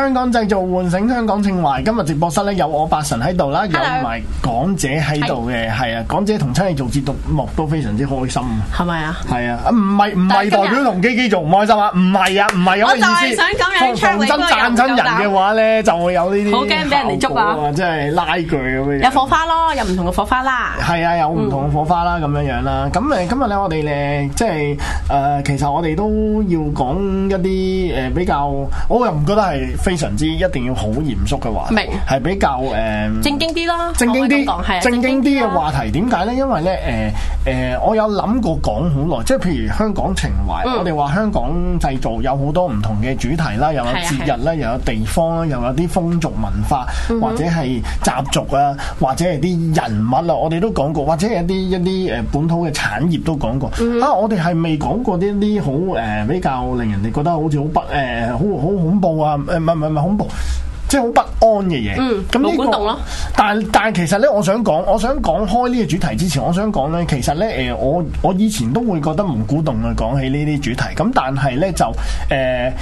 香港製造，喚醒香港情懷。今日直播室咧有我八神喺度啦，有埋港姐喺度嘅，係啊，港姐同親嚟做節目都非常之開心，係咪啊？係啊，唔係唔係代表同基基做唔開心啊？唔係啊，唔係有啲意思。我就係想咁樣唱，真讚親人嘅話咧就會有呢啲，好驚畀人哋捉啊，即係拉鋸咁樣。有火花咯，有唔同嘅火花啦。係啊，有唔同嘅火花啦，咁樣樣啦。咁誒，今日咧我哋咧，即係誒，其實我哋都要講一啲誒比較，我又唔覺得係。非常之一定要好嚴肅嘅話，明係比較誒、呃、正經啲啦，正經啲，正經啲嘅話題點解呢？因為呢，誒、呃、誒、呃，我有諗過講好耐，即係譬如香港情懷，嗯、我哋話香港製造有好多唔同嘅主題啦，又有節日啦，是是又有地方啦，又有啲風俗文化、嗯、哼或者係習俗啊，或者係啲人物啊，我哋都講過，或者係一啲一啲誒本土嘅產業都講過。嗯、啊，我哋係未講過啲啲好誒比較令人哋覺得好似好不誒好好恐怖啊、呃唔係唔恐怖，即係好不安嘅嘢。嗯，咁老古董咯。但但係其實呢，我想講，我想講開呢個主題之前，我想講呢，其實呢，誒、呃，我我以前都會覺得唔古董嘅，講起呢啲主題。咁但係呢，就誒。呃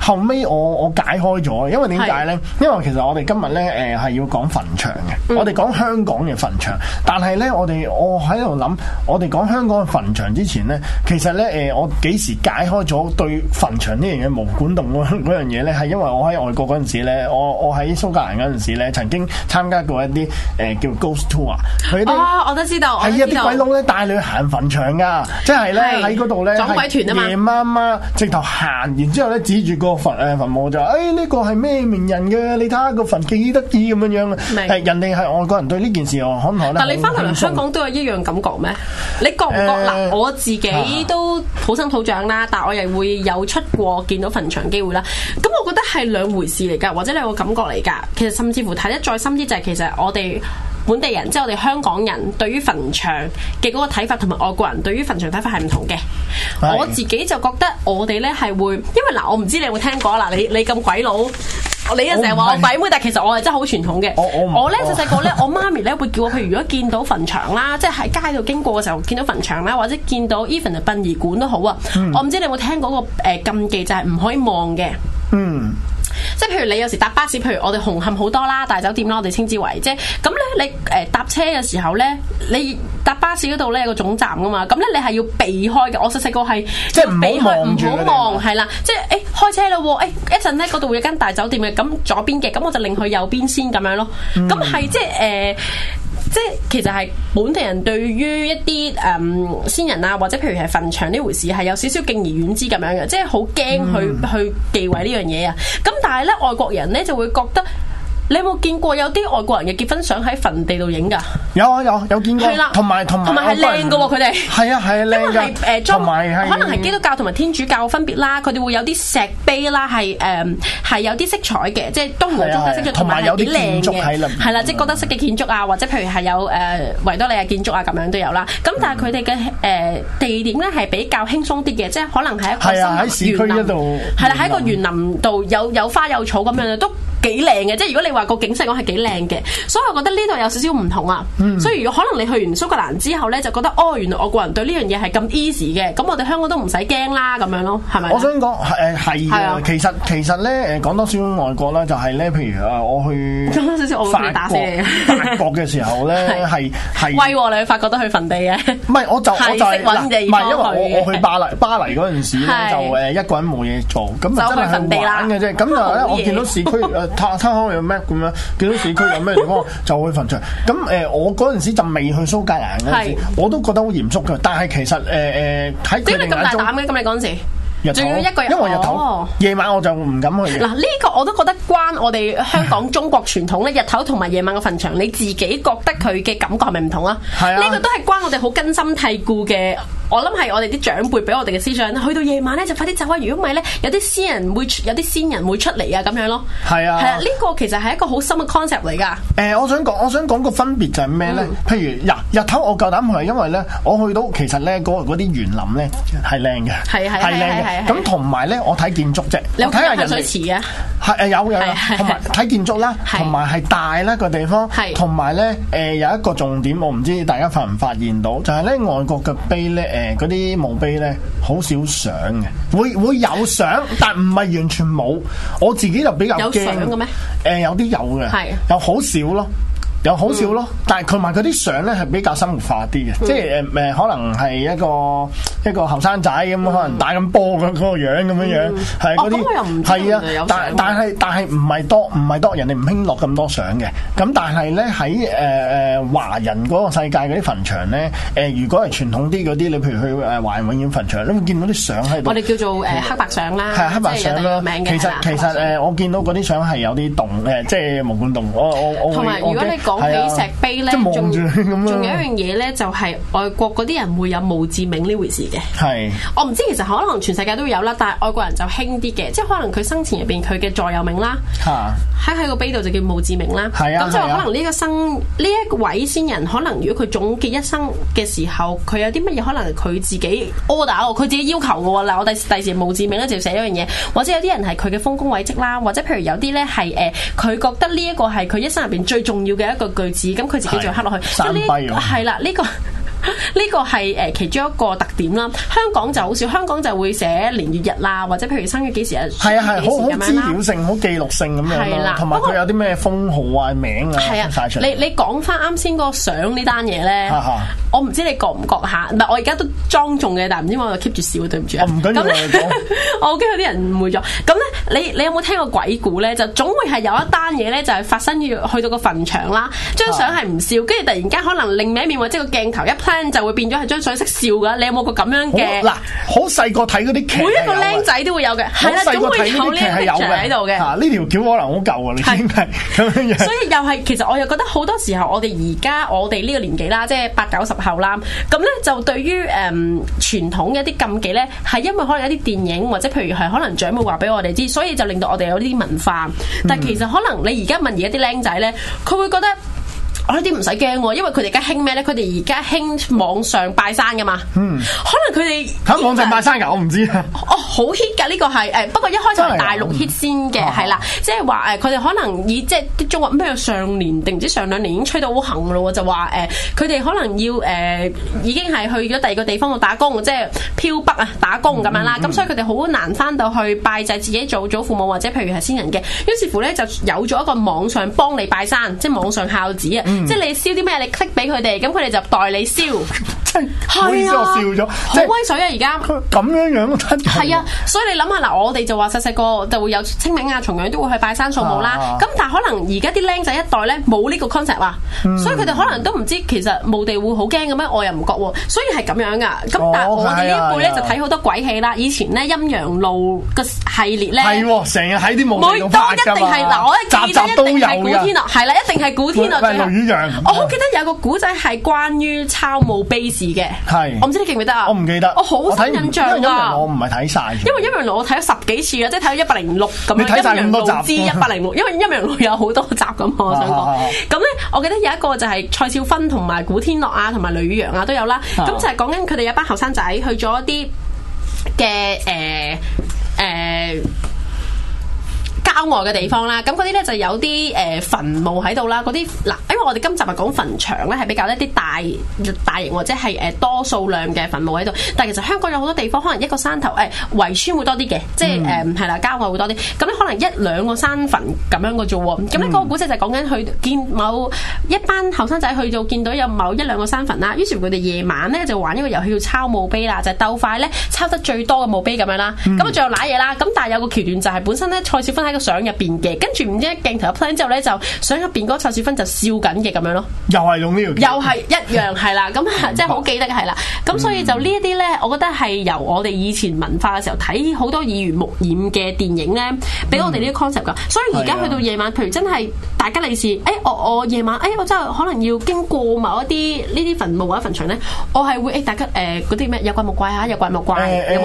後尾我我解開咗，因為點解咧？因為其實我哋今日咧誒係要講墳場嘅，嗯、我哋講香港嘅墳場。但係咧，我哋我喺度諗，我哋講香港嘅墳場之前咧，其實咧誒、呃，我幾時解開咗對墳場呢樣嘢無管動嗰嗰樣嘢咧？係因為我喺外國嗰陣時咧，我我喺蘇格蘭嗰陣時咧，曾經參加過一啲誒、呃、叫 ghost tour，佢啲、哦、我都知道，係一啲鬼佬咧帶你去行墳場噶，即係咧，喺嗰度咧，走鬼團啊嘛，夜媽媽直頭行完之後咧，指住個墳誒墳墓就誒呢個係咩名人嘅？你睇下個墳幾得意咁樣樣嘅，係明白人哋係外國人對呢件事又坎坷咧。肯肯但你翻頭嚟香港都有一樣感覺咩？你覺唔覺嗱、呃？我自己都土生土長啦，但係我又會有出過見到墳場機會啦。咁我覺得係兩回事嚟噶，或者兩個感覺嚟噶。其實甚至乎睇得再深啲，就係其實我哋。本地人即係我哋香港人，對於墳場嘅嗰個睇法，同埋外國人對於墳場睇法係唔同嘅。是我自己就覺得我哋咧係會，因為嗱，我唔知你有冇聽過嗱，你你咁鬼佬，你又成日話我鬼妹，妹，但其實我係真係好傳統嘅。我我咧細細個咧，我媽咪咧會叫我，譬如果見到墳場啦， 即係喺街度經過嘅時候見到墳場啦，或者見到 even 係殯儀館都好啊。嗯、我唔知你有冇聽過嗰個誒禁忌，就係、是、唔可以望嘅。嗯。即係譬如你有時搭巴士，譬如我哋紅磡好多啦，大酒店啦，我哋稱之為即係咁咧。你誒、呃、搭車嘅時候咧，你搭巴士嗰度咧有個總站噶嘛，咁咧你係要避開嘅。我細細個係即係避開、唔好望住，唔好望係啦。即係誒、欸、開車啦、啊，誒、欸、一陣咧嗰度會有間大酒店嘅，咁左邊嘅，咁我就令去右邊先咁樣咯。咁係、嗯、即係誒。呃即係其實係本地人對於一啲誒、嗯、先人啊，或者譬如係墳場呢回事係有少少敬而遠之咁樣嘅，即係好驚去、嗯、去忌諱呢樣嘢啊。咁但係咧，外國人咧就會覺得。你有冇見過有啲外國人嘅結婚相喺墳地度影㗎？有啊，有有見過，同埋同埋外國人係靚嘅喎，佢哋係啊係不然 們啊靚嘅，同埋、呃、可能係基督教同埋天主教分別啦。佢哋會有啲石碑啦，係誒係有啲色彩嘅，即係東歐、啊、色彩，同埋有啲建築係啦，即係哥德式嘅建築啊，或者譬如係有誒維多利亞建築啊咁樣都有啦。咁但係佢哋嘅誒地點咧係比較輕鬆啲嘅，即係可能係一個喺、啊、市區一度，係啦喺個園林度有有花有草咁樣、啊、都。幾靚嘅，即係如果你話個景色講係幾靚嘅，所以我覺得呢度有少少唔同啊。所以如果可能你去完蘇格蘭之後咧，就覺得哦，原來我個人對呢樣嘢係咁 easy 嘅，咁我哋香港都唔使驚啦，咁樣咯，係咪？我想講係誒係其實其實咧誒講多少外國啦，就係咧，譬如啊我去法法國嘅時候咧，係係貴喎。你去法國都去墳地嘅？唔係，我就我就唔係，因為我我去巴黎巴黎嗰陣時咧，就誒一個人冇嘢做，咁走去墳地玩嘅啫。咁我見到市區拆拆開有咩咁樣？幾多市區有咩地方就會墳場？咁誒、呃，我嗰陣時就未去蘇格蘭嗰陣時是我都覺得好嚴肅嘅。但係其實誒誒，喺、呃。點、呃、解你咁大膽嘅？咁你嗰陣時，仲後要一個人，因為日頭夜、哦、晚我就唔敢去。嗱，呢、這個我都覺得關我哋香港中國傳統咧， 日頭同埋夜晚嘅墳場，你自己覺得佢嘅感覺係咪唔同啊？係啊，呢個都係關我哋好根深蒂固嘅。我諗係我哋啲長輩俾我哋嘅思想，去到夜晚咧就快啲走啊！如果唔係咧，有啲先人會有啲先人會出嚟啊，咁樣咯。係啊，係啊，呢個其實係一個好深嘅 concept 嚟噶。誒，我想講，我想講個分別就係咩咧？譬如嗱日頭，我夠膽去，因為咧，我去到其實咧，嗰啲園林咧係靚嘅，係啊係啊係啊，咁同埋咧，我睇建築啫，你睇下人，水池啊，係誒有有有，同埋睇建築啦，同埋係大啦個地方，同埋咧誒有一個重點，我唔知大家發唔發現到，就係咧外國嘅碑咧。誒，嗰啲、呃、墓碑咧，好少相嘅，會會有相，但唔係完全冇。我自己就比較驚嘅。誒、呃，有啲有嘅，係又好少咯。有好少咯，但係佢埋佢啲相咧係比較生活化啲嘅，即係誒誒可能係一個一個後生仔咁，可能打緊波咁嗰個樣咁樣樣，係嗰啲係啊，但但係但係唔係多唔係多，人哋唔興落咁多相嘅。咁但係咧喺誒誒華人嗰個世界嗰啲墳場咧，誒如果係傳統啲嗰啲，你譬如去誒華人永遠墳場，你會見到啲相喺度。我哋叫做誒黑白相啦，係黑白相啦。其實其實誒，我見到嗰啲相係有啲動誒，即係無管動。我我我同埋如果你講。石碑咧，仲仲有一樣嘢咧，就係外國嗰啲人會有墓誌銘呢回事嘅是。係，我唔知其實可能全世界都會有啦，但係外國人就輕啲嘅，即係可能佢生前入邊佢嘅座右銘啦，喺喺個碑度就叫墓誌銘啦。係是啊，咁即係可能呢個生呢是、啊、一位先人，可能如果佢總結一生嘅時候，佢有啲乜嘢，可能佢自己 order，佢自己要求嘅喎。嗱，我第第時墓誌銘咧就要寫一樣嘢，或者有啲人係佢嘅豐功偉績啦，或者譬如有啲咧係誒，佢、呃、覺得呢一個係佢一生入邊最重要嘅一。一個句子咁，佢自己就刻落去。山碑的這啊，係啦、啊，呢、這個。 呢個係誒其中一個特點啦，香港就好少，香港就會寫年月日啦，或者譬如生日幾時啊，係時啊係，好好資料性、好、啊、記錄性咁樣啦，同埋佢有啲咩封號啊、名啊出啊，啊出你你講翻啱先個相呢單嘢咧，我唔知你覺唔覺吓，唔係我而家都莊重嘅，但唔知點解我 keep 住笑，對唔住，唔緊要， 我驚有啲人誤會咗。咁咧，你你有冇聽過鬼故咧？就總會係有一單嘢咧，就係發生於 去到個墳場啦，張相係唔笑，跟住突然間可能另一面或者個鏡頭一 play，就會變咗係張相識笑噶，你有冇個咁樣嘅？嗱，好細個睇嗰啲劇，每一個僆仔都會有嘅。係啦，總會有呢啲 picture 喺度嘅。呢條橋可能好舊啊，已經係咁樣。所以又係，其實我又覺得好多時候我，我哋而家我哋呢個年紀啦，即係八九十後啦，咁咧就對於誒傳統嘅一啲禁忌咧，係因為可能一啲電影或者譬如係可能長輩話俾我哋知，所以就令到我哋有呢啲文化。但係其實可能你而家問而家啲僆仔咧，佢會覺得。我呢啲唔使驚，因為佢哋而家興咩咧？佢哋而家興網上拜山噶嘛？嗯，可能佢哋喺網上拜山噶，我唔知啊。哦，好 hit 噶呢、呢個係誒，不過一開始係大陸 hit 的先嘅的，係啦、啊，即係話誒，佢哋可能以即係啲中國咩上年定唔知上兩年已經吹到好行咯，就話誒，佢、呃、哋可能要誒、呃，已經係去咗第二個地方度打工，即係漂北啊，打工咁、嗯嗯、樣啦。咁所以佢哋好難翻到去拜祭自己祖祖父母或者譬如係先人嘅。於是乎咧，就有咗一個網上幫你拜山，即係網上孝子啊。嗯即係你燒啲咩，你識俾佢哋，咁佢哋就代你燒。真係，啊！笑咗，好威水啊！而家咁樣樣咯，係啊。所以你諗下嗱，我哋就話細細個就會有清明啊、重陽都會去拜山掃墓啦。咁但係可能而家啲僆仔一代咧，冇呢個 concept 啊，所以佢哋可能都唔知其實墓地會好驚咁樣。我又唔覺，所以係咁樣噶。咁但係我哋呢輩咧就睇好多鬼戲啦。以前咧陰陽路嘅系列咧係，成日喺啲墓地咁大噶嘛。集集都有嘅，係啦，一定係古天樂。我好記得有個古仔係關於抄墓碑事嘅，係我唔知你記唔記得啊？我唔記得，我好深印象㗎。因為我唔係睇曬，因為《陰陽路》我睇咗十幾次啊，即係睇咗一百零六咁樣，一百零六集，一百零六，因為《陰陽路》有好多集咁，我想講。咁咧，我記得有一個就係蔡少芬同埋古天樂啊，同埋呂宇陽啊都有啦。咁就係講緊佢哋有班後生仔去咗一啲嘅誒誒郊外嘅地方啦。咁嗰啲咧就有啲誒墳墓喺度啦。嗰啲嗱，我哋今集咪講墳場咧，係比較一啲大大型或者係誒多數量嘅墳墓喺度。但係其實香港有好多地方，可能一個山頭誒、哎、圍村會多啲嘅，即係誒係啦郊外會多啲。咁可能一兩個山墳咁樣嘅啫喎。咁呢嗰個古仔就係講緊去見某一班後生仔去到見到有某一兩個山墳啦。於是佢哋夜晚咧就玩一個遊戲叫抄墓碑啦，就係、是、鬥快咧抄得最多嘅墓碑咁樣啦。咁啊最後瀨嘢啦。咁、嗯、但係有個橋段就係本身咧蔡少芬喺個相入邊嘅，跟住唔知一鏡頭一 plan 之後咧，就相入邊嗰個蔡少芬就笑緊。咁樣咯、嗯嗯嗯，又係用呢條，又係一樣係啦，咁白即係好記得係啦，咁、嗯、所以就呢一啲咧，我覺得係由我哋以前文化嘅時候睇好多耳濡目染嘅電影咧，俾我哋呢啲 concept 噶，所以而家去到夜晚，譬如真係大吉利是，誒、哎，我我夜晚，誒、哎，我真係可能要經過某一啲呢啲墳墓、一墳場咧，我係會誒、哎、大家誒嗰啲咩有怪莫怪啊，有怪莫怪，有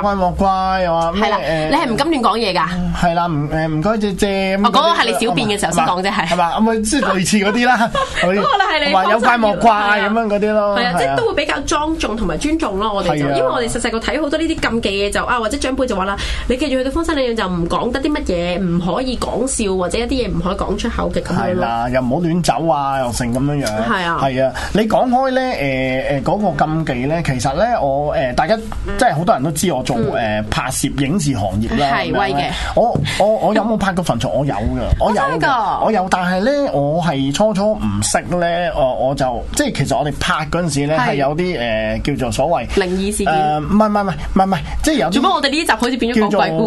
怪莫怪，係、欸、啦，你係唔敢亂講嘢噶，係、呃、啦，唔誒唔該借借，我嗰個係你小便嘅時候先講啫，係係嘛，咁啊即係類似嗰啲啦。咁可能係你話有怪莫怪咁樣嗰啲咯，係啊，即係都會比較莊重同埋尊重咯。我哋就因為我哋細細個睇好多呢啲禁忌嘅就啊，或者長輩就話啦，你記住去到墳場，你就唔講得啲乜嘢，唔可以講笑或者一啲嘢唔可以講出口嘅咁啦，又唔好亂走啊，又成咁樣樣。係啊，係啊，你講開咧，誒誒嗰個禁忌咧，其實咧，我誒大家即係好多人都知我做誒拍攝影視行業啦，係威嘅。我我我有冇拍過墳場？我有嘅，我有，我有，但係咧，我係初初。都唔識咧，我我就即係其實我哋拍嗰陣時咧，係有啲誒叫做所謂靈異事件。誒唔係唔係唔係唔係，即係有。做乜我哋呢集好似變咗叫做規矩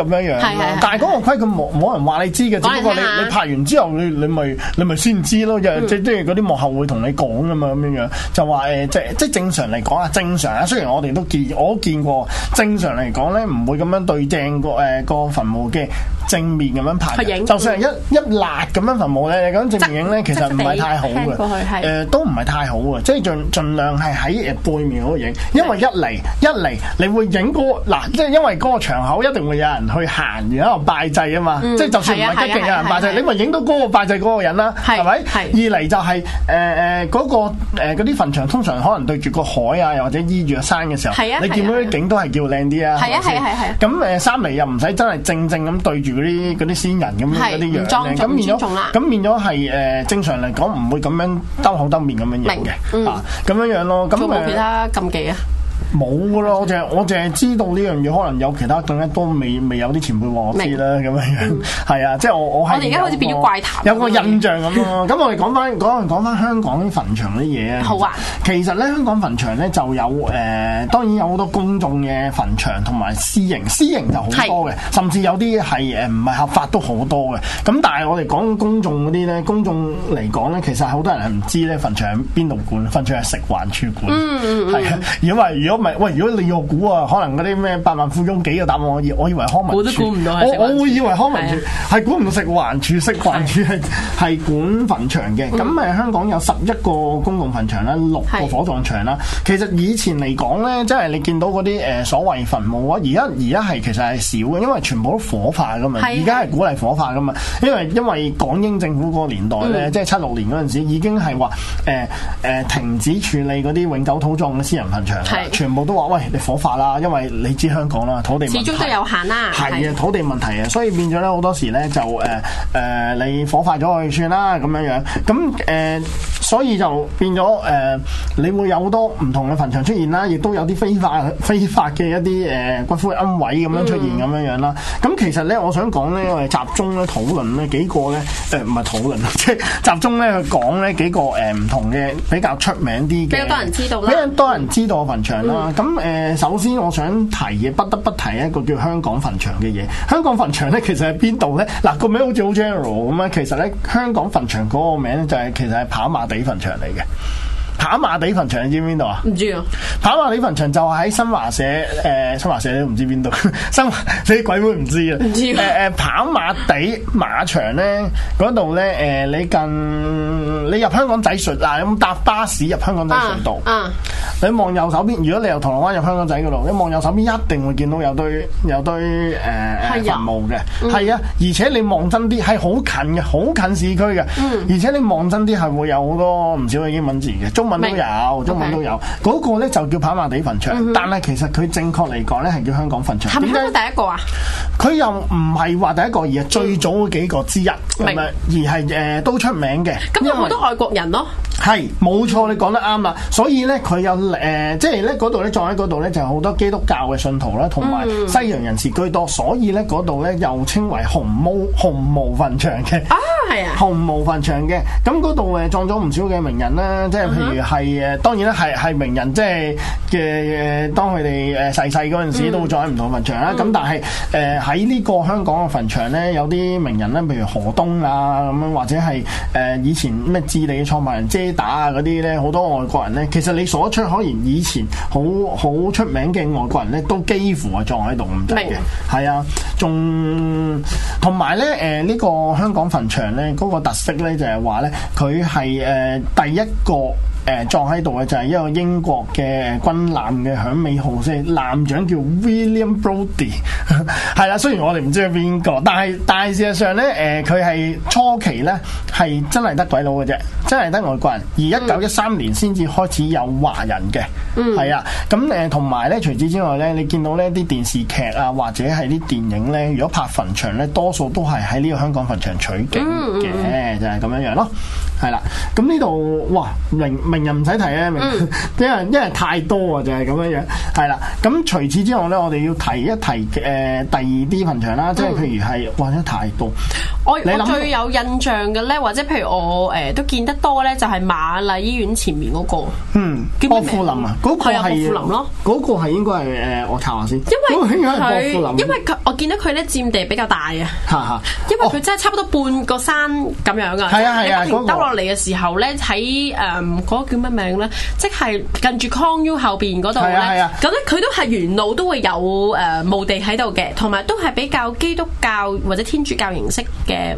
咁樣樣？係啊。但係嗰個規矩冇冇人話你知嘅，只不過你你拍完之後，你你咪你咪先知咯。即係即係嗰啲幕後會同你講噶嘛咁樣樣，就話誒即係即係正常嚟講啊，正常啊。雖然我哋都見我見過，正常嚟講咧，唔會咁樣對正個誒個墳墓嘅。正面咁樣拍，就算係一一立咁樣墳墓咧，咁正面影咧，其實唔係太好嘅，誒都唔係太好嘅，即係盡盡量係喺誒背面嗰度影，因為一嚟一嚟，你會影嗰嗱，即係因為嗰個場口一定會有人去行然後拜祭啊嘛，即係就算唔係一定有人拜祭，你咪影到嗰個拜祭嗰個人啦，係咪？二嚟就係誒誒嗰個嗰啲墳場通常可能對住個海啊，又或者依住個山嘅時候，你見到啲景都係叫靚啲啊，係啊係啊係啊！咁誒三嚟又唔使真係正正咁對住。啲嗰啲仙人咁樣，樣，嗰啲樣靚，咁變咗，咁變咗係誒，正常嚟講唔會咁樣兜口兜面咁樣影嘅白，啊咁樣、嗯、樣咯。咁有冇其他禁忌啊？冇噶咯，我淨係我淨係知道呢樣嘢，可能有其他更加多未未有啲前輩話我知啦，咁樣樣，係啊，即係我我我哋而家好似變咗怪談，有個印象咁咯。咁 我哋講翻講講翻香港啲墳場啲嘢啊，好啊。其實咧香港墳場咧就有誒、呃，當然有好多公眾嘅墳場同埋私營，私營就好多嘅，是甚至有啲係誒唔係合法都好多嘅。咁但係我哋講公眾嗰啲咧，公眾嚟講咧，其實好多人係唔知咧墳場邊度管，墳場係食環處管，係啊、嗯，因為如果喂！如果你要估啊，可能嗰啲咩八萬富翁幾嘅答案，我以我以為康民，估都估唔到。我我會以為康民處係估唔到食環署。食環署，食環署係係管墳場嘅。咁誒，香港有十一個公共墳場啦，六個火葬場啦。是的 其實以前嚟講咧，即係你見到嗰啲誒所謂墳墓啊，而家而家係其實係少嘅，因為全部都火化㗎嘛。而家係鼓勵火化㗎嘛，因為因為港英政府嗰個年代咧，即係七六年嗰陣時已經係話誒誒停止處理嗰啲永久土葬嘅私人墳場，全。冇都話，喂，你火化啦，因為你知香港啦，土地問題始終都有限啦。係啊的，的土地問題啊，所以變咗咧好多時咧就誒誒、呃呃，你火化咗去算啦咁樣樣。咁誒。呃所以就變咗誒、呃、你會有好多唔同嘅墳場出現啦，亦都有啲非法非法嘅一啲誒、呃、骨灰龕位咁樣出現咁、嗯、樣樣啦。咁其實咧，我想講咧，我哋集中咧討論咧幾個咧誒唔係討論即係集中咧去講咧幾個誒唔同嘅比較出名啲嘅，比較多人知道啦，比較多人知道嘅墳場啦。咁誒、嗯、首先我想提嘅不得不提一個叫香港墳場嘅嘢。香港墳場咧其實喺邊度咧？嗱個名好似好 general 咁樣其實咧，香港墳場個名就係、是、其實係跑馬地。呢份場嚟嘅。 跑馬地墳場你知唔知邊度啊？唔知啊！跑馬地墳場就喺新華社，誒、呃，新華社你都唔知邊度，新你鬼妹唔知啊！唔知誒誒，跑、呃、馬地馬場咧嗰度咧，誒、呃，你近你入香港仔隧，啊，有冇搭巴士入香港仔隧道啊？啊！你望右手邊，如果你由銅鑼灣入香港仔嗰度，你望右手邊一定會見到有堆有堆誒、呃、的墳墓嘅，係啊！而且你望真啲，係好近嘅，好近市區嘅，嗯、而且你望真啲係會有好多唔少嘅英文字嘅，中。都有，中文都有，嗰個咧就叫跑馬地墳場，嗯、哼但係其實佢正確嚟講咧係叫香港墳場。點解都第一個啊？佢又唔係話第一個，而係最早嗰幾個之一，唔係白，而係誒、呃、都出名嘅。咁有為好多外國人咯。係冇錯，你講得啱啦。所以咧，佢有誒、呃，即係咧度咧葬喺嗰度咧，就係好多基督教嘅信徒啦，同埋西洋人士居多。所以咧嗰度咧又稱為紅毛紅毛墳場嘅。啊，係啊，紅毛墳場嘅。咁嗰度誒葬咗唔少嘅名人啦，即係譬如係誒，當然咧係係名人，即係嘅當佢哋誒逝世嗰陣時，都會葬喺唔同墳場啦。咁、嗯嗯、但係誒喺呢個香港嘅墳場咧，有啲名人咧，譬如何東啊咁樣，或者係誒、呃、以前咩置地嘅創辦人遮。即打啊嗰啲呢，好多外國人呢，其實你所出可以以前好好出名嘅外國人呢，都幾乎係葬喺度咁滯嘅，係啊、哦，仲同埋呢，誒、呃，呢、這個香港墳場呢，嗰、那個特色呢，就係、是、話呢，佢係誒第一個。誒，撞喺度嘅就係一個英國嘅軍艦嘅響尾號，先係艦長叫 William Brodie，係 啦、啊。雖然我哋唔知係邊個，但係但係事實上咧，誒、呃，佢係初期咧係真係得鬼佬嘅啫，真係得外國人。而一九一三年先至開始有華人嘅，係、嗯、啊。咁誒，同埋咧，除此之外咧，你見到呢啲電視劇啊，或者係啲電影咧，如果拍墳場咧，多數都係喺呢個香港墳場取景嘅，嗯嗯、就係咁樣樣咯。係啦，咁呢度哇名，名人唔使提咧，名，因為因為太多啊，就係咁樣樣，係啦。咁除此之外咧，我哋要提一提誒，第二啲墳場啦，即係譬如係哇，真係太多。我我最有印象嘅咧，或者譬如我誒都見得多咧，就係瑪麗醫院前面嗰個，嗯，薄扶林啊，嗰個係薄扶林咯，嗰個係應該係誒我查下先，因為佢因為我見到佢咧佔地比較大啊，因為佢真係差唔多半個山咁樣啊，係啊係啊，嚟嘅時候咧，喺誒嗰個叫乜名咧？即係近住 Con U 後邊嗰度啊。咁咧佢都係沿路都會有誒墓地喺度嘅，同埋都係比較基督教或者天主教形式嘅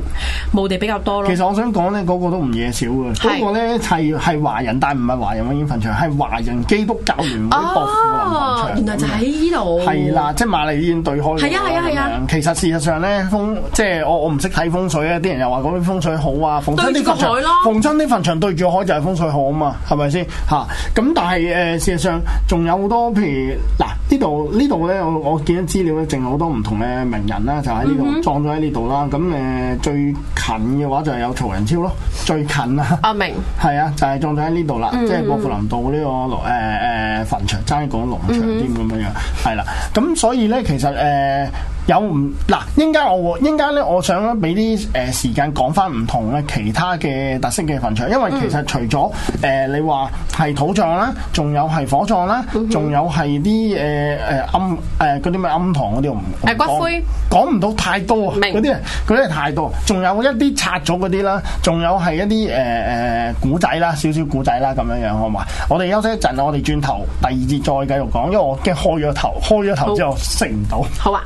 墓地比較多咯。其實我想講咧，嗰個都唔夜少嘅，嗰個咧係係華人，但唔係華人嘅掩墳場，係華人基督教聯會博富華人墳場。原來就喺呢度。係啦，即係瑪麗醫院對開嘅。係啊係啊係啊！其實事實上咧，風即係我我唔識睇風水啊，啲人又話嗰邊風水好啊，對住海咯。逢真呢墳場對住海就係風水好啊嘛，係咪先嚇？咁、啊、但係誒、呃，事實上仲有好多譬如嗱，呢度呢度咧，我我見到資料咧，淨好多唔同嘅名人啦，就喺呢度葬咗喺呢度啦。咁誒最近嘅話就係有曹仁超咯，最近、就是、啊，阿明係啊，就係葬咗喺呢度啦，即係薄扶林道呢個誒誒墳場爭一講農場添咁樣樣，係啦。咁所以咧，其實誒。 有唔嗱，應該我應該咧，我想俾啲誒時間講翻唔同嘅其他嘅特色嘅墳場，因為其實除咗誒、呃、你話係土葬啦，仲有係火葬啦，仲有係啲誒誒暗誒嗰啲咩庵堂啲，我唔誒骨灰講唔到太多啊，嗰啲啊啲啊太多，仲有一啲拆咗嗰啲啦，仲有係一啲誒誒古仔啦，少少古仔啦咁樣樣，好嘛？我哋休息一陣，我哋轉頭第二節再繼續講，因為我驚開咗頭，開咗頭之後識唔好到，好啊。